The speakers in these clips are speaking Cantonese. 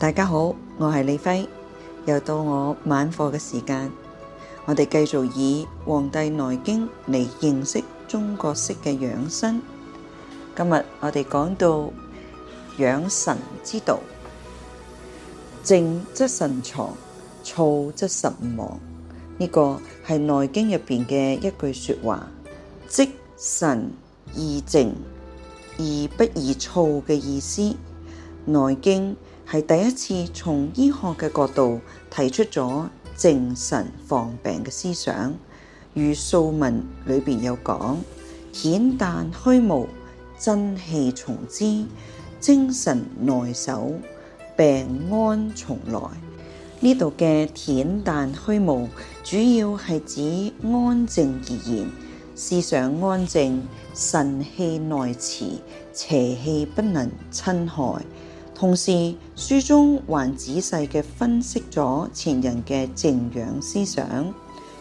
大家好，我係李輝，又到我晚課嘅時間。我哋繼續以《黃帝內經》嚟認識中國式嘅養生。今日我哋講到養神之道，靜則神藏，躁則神亡。呢、這個係《內經》入面嘅一句說話，即神易靜，而不易躁嘅意思，《內經》，係第一次從醫學嘅角度提出咗精神防病嘅思想。如《素問》裏邊有講：恬淡虛無，真氣從之；精神內守，病安從來。呢度嘅恬淡虛無，主要係指安靜而言。思想安靜，神氣內持，邪氣不能侵害。同時，書中還仔細嘅分析咗前人嘅靜養思想，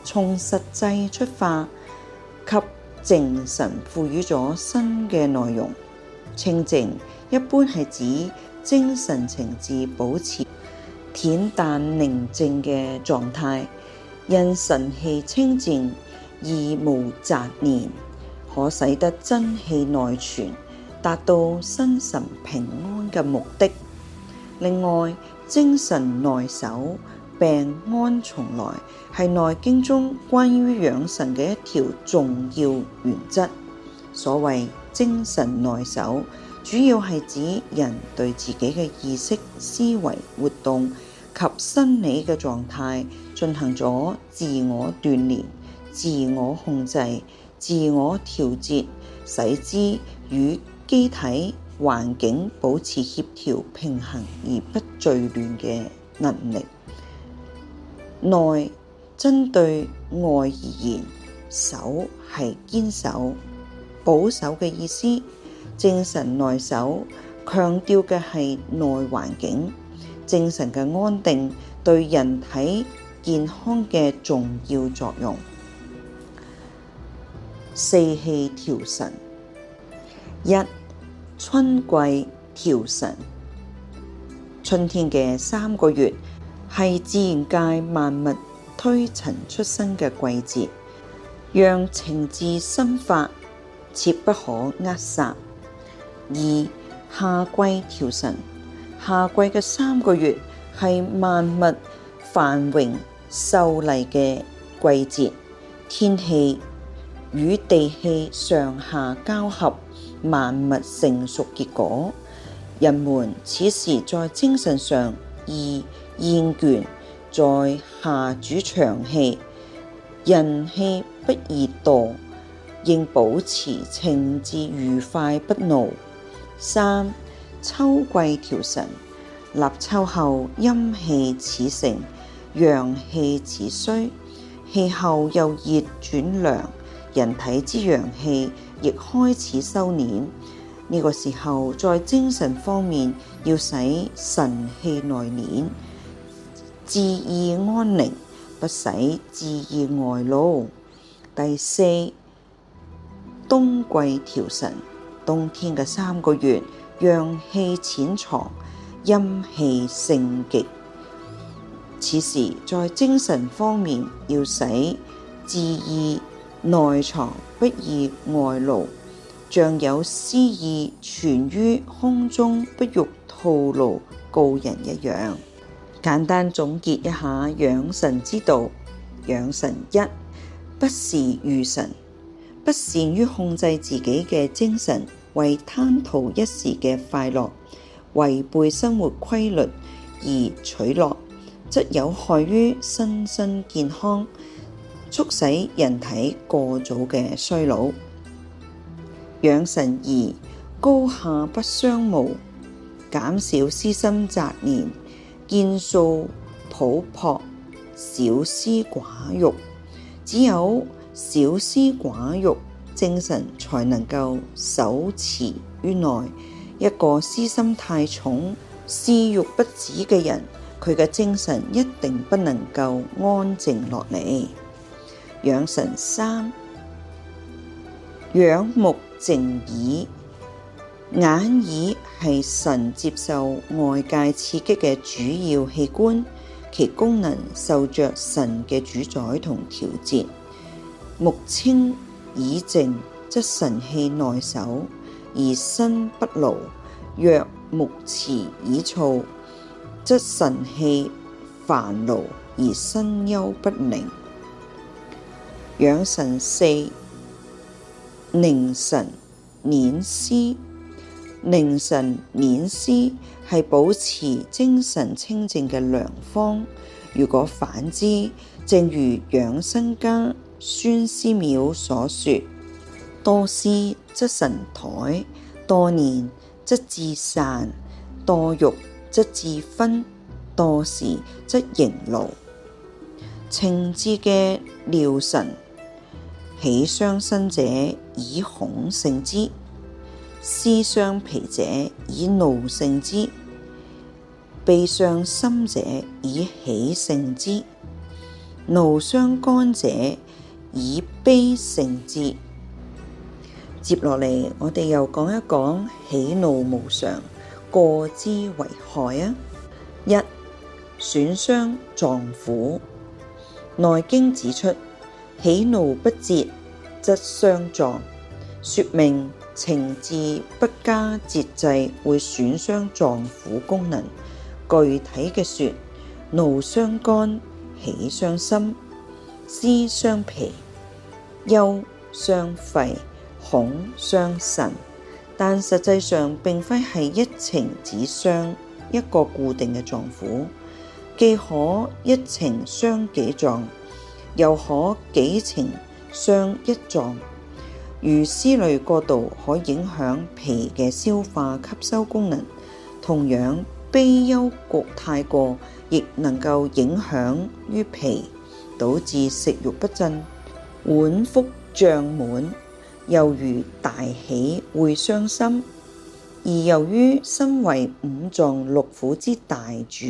從實際出發，給靜神賦予咗新嘅內容。清靜一般係指精神情志保持恬淡寧靜嘅狀態，因神氣清靜而無雜念，可使得真氣內存。達到身神平安嘅目的。另外，精神內守，病安從來係《內經》中關於養神嘅一條重要原則。所謂精神內守，主要係指人對自己嘅意識、思維活動及生理嘅狀態進行咗自我鍛煉、自我控制、自我調節，使之與機體環境保持協調平衡而不聚亂嘅能力，內針對外而言，守係堅守、保守嘅意思。精神內守，強調嘅係內環境精神嘅安定對人體健康嘅重要作用。四氣調神。一、春季調神，春天嘅三個月係自然界萬物推陳出新嘅季節，讓情志生發，切不可扼殺。二、夏季調神，夏季嘅三個月係萬物繁榮秀麗嘅季節，天氣與地氣上下交合。萬物成熟結果，人們此時在精神上易厭倦，在下主長氣，人氣不易度，應保持情志愉快不怒。三秋季調神，立秋後陰氣始盛，陽氣始衰，氣候由熱轉涼，人體之陽氣。亦開始收斂，呢、這個時候在精神方面要使神氣內斂，志意安寧，不使志意外露。第四，冬季調神，冬天嘅三個月陽氣潛藏，陰氣盛極，此時在精神方面要使志意。內藏不易外露，像有私意存於胸中不欲吐露告人一樣。簡單總結一下養神之道：養神一，不時遇神，不善於控制自己嘅精神，為貪圖一時嘅快樂，違背生活規律而取樂，則有害於身心健康。促使人體過早嘅衰老，養神而高下不相慕，減少私心雜念，見素抱樸，少私寡欲。只有少私寡欲，精神才能夠守持於內。一個私心太重、私欲不止嘅人，佢嘅精神一定不能夠安靜落嚟。養神三，仰目靜耳，眼耳係神接受外界刺激嘅主要器官，其功能受着神嘅主宰同調節。目清耳靜，則神氣內守，而身不勞；若目遲耳燥，則神氣煩勞，而身憂不寧。養神四，凝神斂思。凝神斂思係保持精神清靜嘅良方。如果反之，正如養生家孫思邈所說：多思則神怠，多念則志散，多欲則志昏，多事則形勞。情志嘅療神。喜傷身者以恐勝之，思傷脾者以怒勝之，悲傷心者以喜勝之，怒傷肝者以悲勝之。接落嚟，我哋又講一講喜怒無常，過之為害啊！一、損傷臟腑，《內經》指出。喜怒不節，則傷臟。說明情志不加節制會損傷臟腑功能。具體嘅說，怒傷肝，喜傷心，思傷脾，憂傷肺，恐傷腎。但實際上，並非係一情只傷一個固定嘅臟腑，既可一情傷幾臟。又可幾情傷一臟，如思慮過度可影響脾嘅消化吸收功能，同樣悲憂國太過亦能夠影響於脾，導致食欲不振、脘腹脹滿。又如大喜會傷心，而由於身為五臟六腑之大主。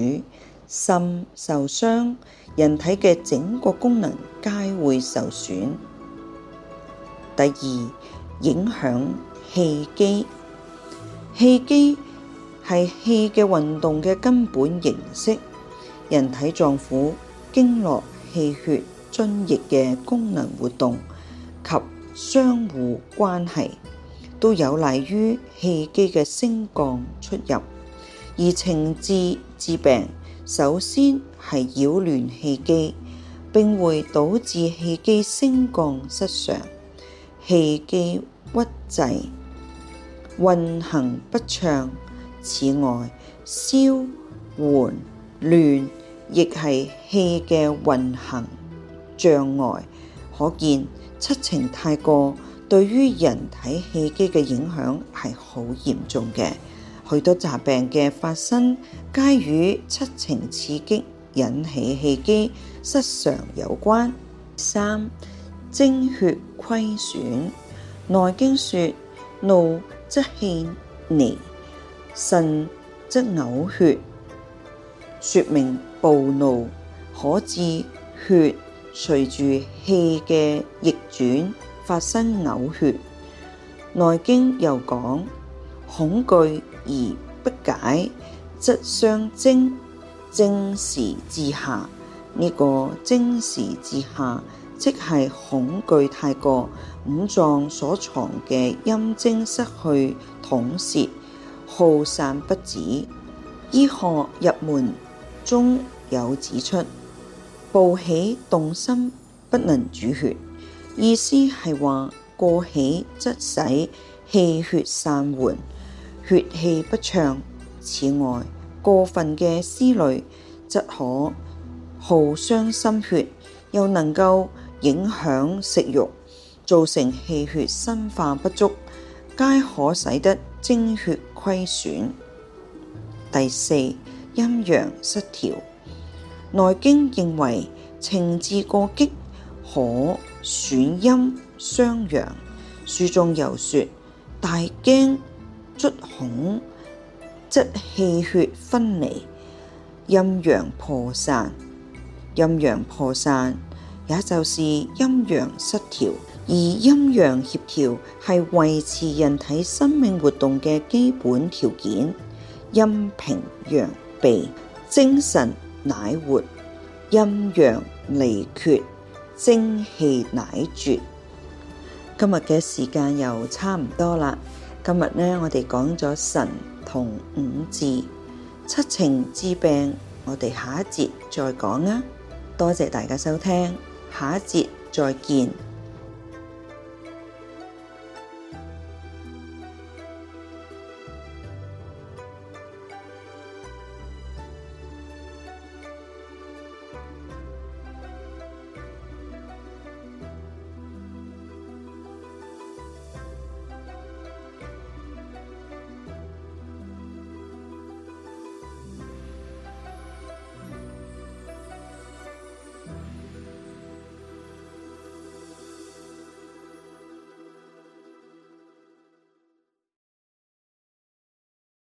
神受傷，人體嘅整個功能皆會受損。第二，影響氣機，氣機係氣嘅運動嘅根本形式。人體臟腑經絡、氣血、津液嘅功能活動及相互關係，都有賴於氣機嘅升降出入。而情志致病。首先係擾亂氣機，並會導致氣機升降失常，氣機鬱滯運行不暢，此外，消緩亂亦係氣嘅運行障礙，可見七情太過對於人體氣機嘅影響係好嚴重嘅。許多疾病嘅發生皆與七情刺激引起氣機失常有關。三精血虧損，內說《內經》說怒則氣逆，甚則嘔血，說明暴怒可致血隨住氣嘅逆轉發生嘔血。內《內經》又講恐懼，而不解，則傷精。精時自下，呢、這個精時自下，即係恐懼太過，五臟所藏嘅陰精失去統攝，耗散不止。醫學入門中有指出，暴喜動心不能主血，意思係話過喜則使氣血散緩。血氣不暢，此外過分嘅思慮則可耗傷心血，又能夠影響食慾，造成氣血生化不足，皆可使得精血虧損。第四，陰陽失調，《內經》認為情志過激可損陰傷陽，書中又說大驚，卒恐則氣血分離，陰陽破散。陰陽破散，也就是陰陽失調。而陰陽協調係維持人體生命活動嘅基本條件。陰平陽秘，精神乃活；陰陽離決，精氣乃絕。今日嘅時間又差唔多啦。今日呢，我哋講咗神同五志七情之病，我哋下一節再講啦。多謝大家收聽，下一節再見。